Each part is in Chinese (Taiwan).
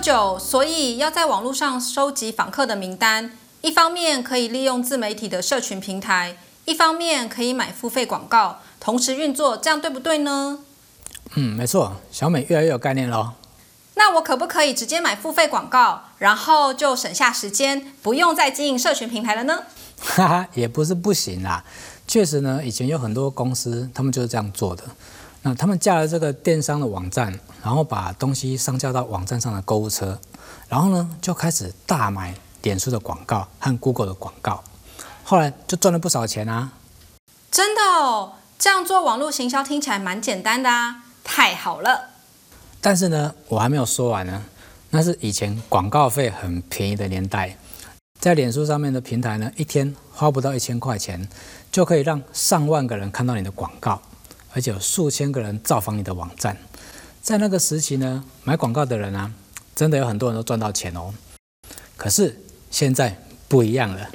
久，所以要在網絡上收集訪客的名單，一方面可以利用自媒體的社群平台，一方面可以買付費廣告，同時運作，這樣對不對呢？嗯，沒錯，小美越來越有概念嘍。那我可不可以直接買付費廣告，然後就省下時間，不用再經營社群平台了呢？哈哈，也不是不行啦，確實呢，以前有很多公司，他們就是這樣做的。那他們架了這個電商的網站，然後把東西上架到網站上的購物車，然後呢就開始大買臉書的廣告和 Google 的廣告，後來就賺了不少錢啊！真的哦，這樣做網絡行銷聽起來蠻簡單的啊，太好了。但是呢，我還沒有說完呢。那是以前廣告費很便宜的年代，在臉書上面的平台呢，一天花不到一千塊錢，就可以讓上萬個人看到你的廣告。而且有數千個人造訪你的網站，在那個時期呢，買廣告的人啊，真的有很多人都賺到錢哦。可是現在不一樣了，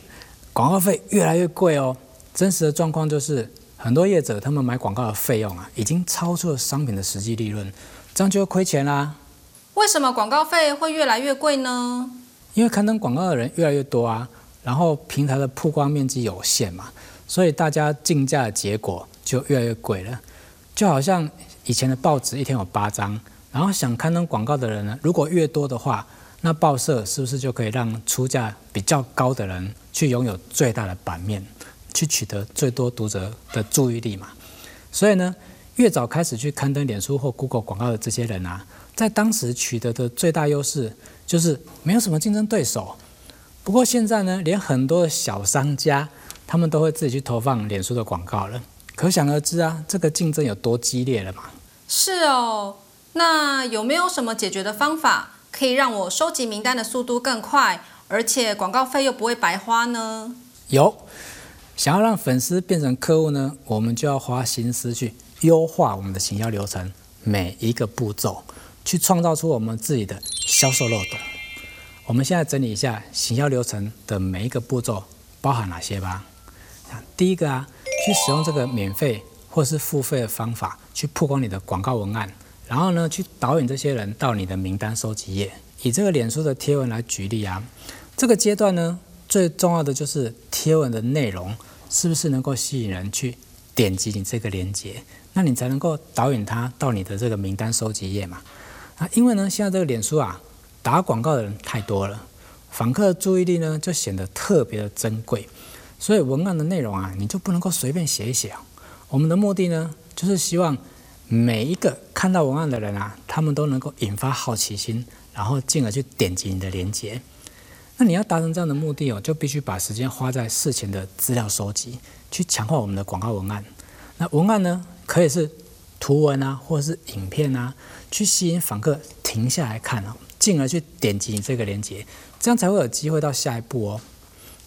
廣告費越來越貴哦。真實的狀況就是，很多業者他們買廣告的費用啊，已經超出了商品的實際利潤，這樣就會虧錢啦啊。為什麼廣告費會越來越貴呢？因為刊登廣告的人越來越多啊，然後平台的曝光面積有限嘛，所以大家競價的結果就越來越貴了。就好像以前的報紙一天有八張，然後想刊登廣告的人呢，如果越多的話，那報社是不是就可以讓出價比較高的人去擁有最大的版面，去取得最多讀者的注意力嘛？所以呢，越早開始去刊登臉書或 Google 廣告的這些人啊，在當時取得的最大優勢就是沒有什麼競爭對手。不過現在呢，連很多的小商家他們都會自己去投放臉書的廣告了。可想而知啊，這個競爭有多激烈了嘛？是哦，那有沒有什麼解決的方法，可以讓我收集名單的速度更快，而且廣告費又不會白花呢？有，想要讓粉絲變成客戶呢，我們就要花心思去優化我們的行銷流程每一個步驟，去創造出我們自己的銷售漏洞。我們現在整理一下行銷流程的每一個步驟包含哪些吧。第一個啊。去使用這個免費或是付費的方法去曝光你的廣告文案，然後呢，去導引這些人到你的名單收集頁。以這個臉書的貼文來舉例啊，這個階段呢，最重要的就是貼文的內容是不是能夠吸引人去點擊你這個鏈接，那你才能夠導引他到你的這個名單收集頁嘛。啊，因為呢，現在這個臉書啊，打廣告的人太多了，訪客的注意力呢就顯得特別的珍貴。所以文案的內容啊，你就不能夠隨便寫一寫啊、哦。我們的目的呢，就是希望每一個看到文案的人啊，他們都能夠引發好奇心，然後進而去點擊你的鏈接。那你要達成這樣的目的哦，就必須把時間花在事前的資料收集，去強化我們的廣告文案。那文案呢，可以是圖文啊，或者是影片啊，去吸引訪客停下來看哦，進而去點擊你這個鏈接，這樣才會有機會到下一步哦。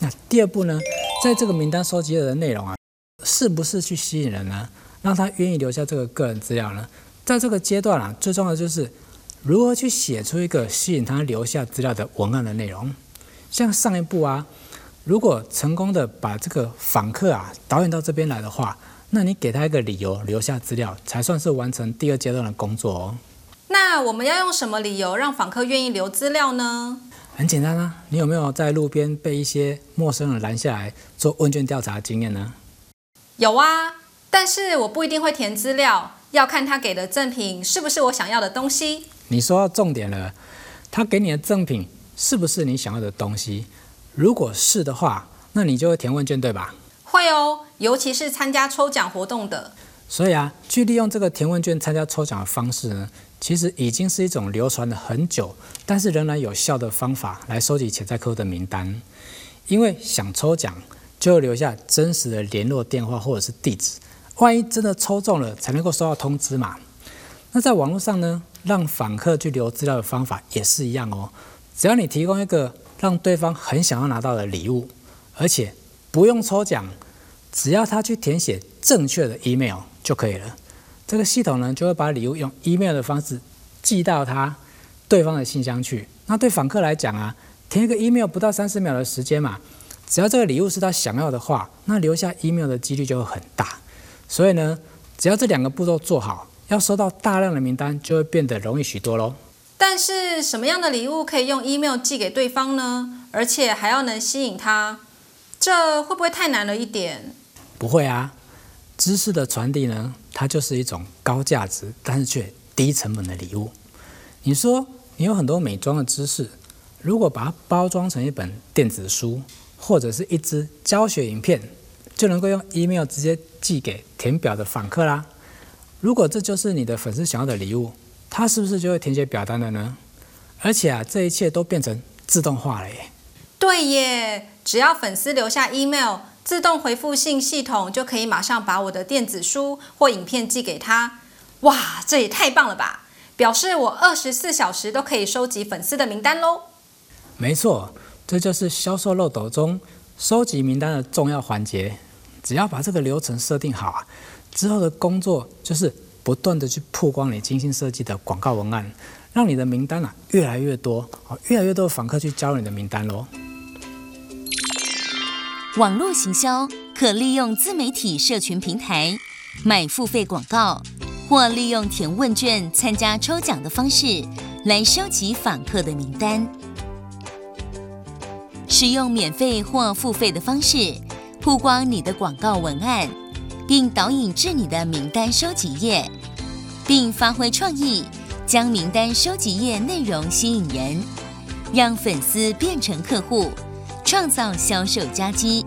那第二步呢？在這個名單收集的內容啊，是不是去吸引人呢？讓他願意留下這個個人資料呢？在這個階段啊，最重要的就是如何去寫出一個吸引他留下資料的文案的內容。像上一步啊，如果成功的把這個訪客啊導演到這邊來的話，那你給他一個理由留下資料，才算是完成第二階段的工作哦。那我們要用什麼理由讓訪客願意留資料呢？很簡單啊，你有沒有在路邊被一些陌生人攔下來做問卷調查的經驗呢？有啊，但是我不一定會填資料，要看他給的贈品是不是我想要的東西。你說到重點了，他給你的贈品是不是你想要的東西？如果是的話，那你就會填問卷對吧？會哦，尤其是參加抽獎活動的。所以啊，去利用這個填問卷參加抽獎的方式呢，其實已經是一種流傳了很久，但是仍然有效的方法來收集潛在客戶的名單。因為想抽獎，就留下真實的聯絡電話或者是地址，萬一真的抽中了，才能夠收到通知嘛。那在網絡上呢，讓訪客去留資料的方法也是一樣哦。只要你提供一個讓對方很想要拿到的禮物，而且不用抽獎，只要他去填寫正確的 email。就可以了。這個系統呢，就會把禮物用 email 的方式寄到他對方的信箱去。那對訪客來講啊，填一個 email 不到三十秒的時間嘛，只要這個禮物是他想要的話，那留下 email 的幾率就會很大。所以呢，只要這兩個步驟做好，要收到大量的名單就會變得容易許多咯。但是什麼樣的禮物可以用 email 寄給對方呢？而且還要能吸引他，這會不會太難了一點？不會啊。知識的傳遞呢，它就是一種高價值，但是卻低成本的禮物。你說你有很多美妝的知識，如果把它包裝成一本電子書或者是一支教學影片，就能夠用 email 直接寄給填表的訪客啦。如果這就是你的粉絲想要的禮物，它是不是就會填寫表單了呢？而且啊，這一切都變成自動化了耶。對耶，只要粉絲留下 email。自動回復信系統就可以馬上把我的電子書或影片寄給他，哇，這也太棒了吧！表示我二十四小時都可以收集粉絲的名單咯。沒錯，這就是銷售漏斗中收集名單的重要環節。只要把這個流程設定好啊，之後的工作就是不斷地去曝光你精心設計的廣告文案，讓你的名單啊越來越多，越來越多的訪客去加入你的名單咯。網絡行銷可利用自媒體社群平台買付費廣告，或利用填問卷參加抽獎的方式來收集訪客的名單。使用免費或付費的方式曝光你的廣告文案，並導引至你的名單收集頁，並發揮創意，將名單收集頁內容吸引人，讓粉絲變成客戶。創造銷售佳績。